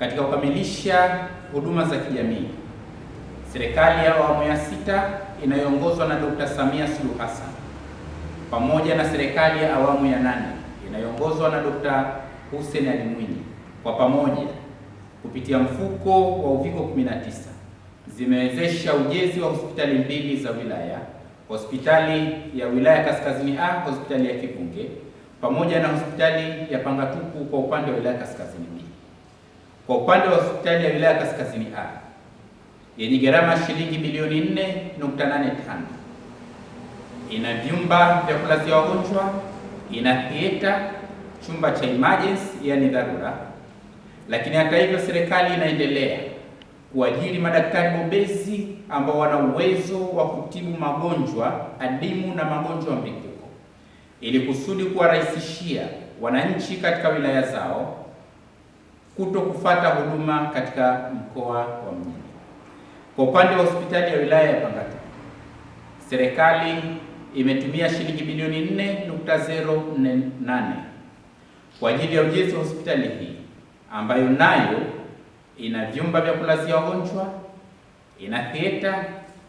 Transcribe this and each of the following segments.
Katika kukamilisha huduma za kijamii, serikali ya awamu ya sita inayoongozwa na Dr. Samia Suluhu Hassan pamoja na serikali ya awamu ya nane inayoongozwa na Dr. Hussein Ali Mwinyi kwa pamoja kupitia mfuko wa Uviko 19 zimewezesha ujenzi wa hospitali mbili za wilaya, hospitali ya wilaya Kaskazini A, hospitali ya Kivunge pamoja na hospitali ya pangatuku kwa upande wa wilaya Kaskazini B kwa upande wa hospitali ya wilaya Kaskazini A yenye gharama shilingi milioni 4.85 ina vyumba vya kulazia wagonjwa, ina theater, chumba cha emergency yani dharura. Lakini hata hivyo, serikali inaendelea kuajiri madaktari bobezi ambao wana uwezo wa kutibu magonjwa adimu na magonjwa mlipuko ili kusudi kuwarahisishia wananchi katika wilaya zao kuto kufata huduma katika mkoa wa Mjini. Kwa upande wa hospitali ya wilaya ya Pangata, serikali imetumia shilingi bilioni 4.048 kwa ajili ya ujenzi wa hospitali hii ambayo nayo ina vyumba vya kulazia wagonjwa, ina theta,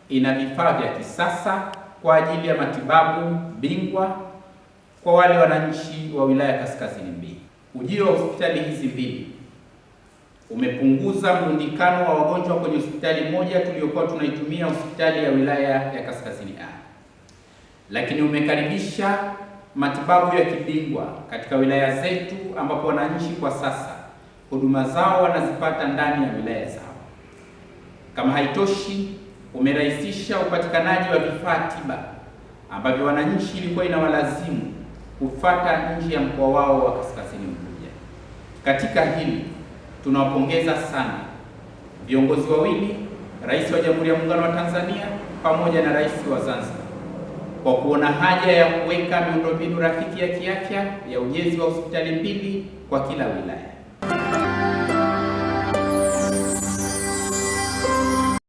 ina vifaa vya kisasa kwa ajili ya matibabu bingwa kwa wale wananchi wa wilaya kaskazini mbili. Ujio wa hospitali hizi mbili umepunguza mrundikano wa wagonjwa kwenye hospitali moja tuliyokuwa tunaitumia hospitali ya wilaya ya Kaskazini A, lakini umekaribisha matibabu ya kibingwa katika wilaya zetu ambapo wananchi kwa sasa huduma zao wanazipata ndani ya wilaya zao. Kama haitoshi, umerahisisha upatikanaji wa vifaa tiba ambavyo wananchi ilikuwa inawalazimu kufata nje ya mkoa wao wa Kaskazini Unguja. Katika hili tunawapongeza sana viongozi wawili, Rais wa Jamhuri ya Muungano wa Tanzania pamoja na Rais wa Zanzibar kwa kuona haja ya kuweka miundombinu rafiki ya kiafya ya ujenzi wa hospitali mbili kwa kila wilaya.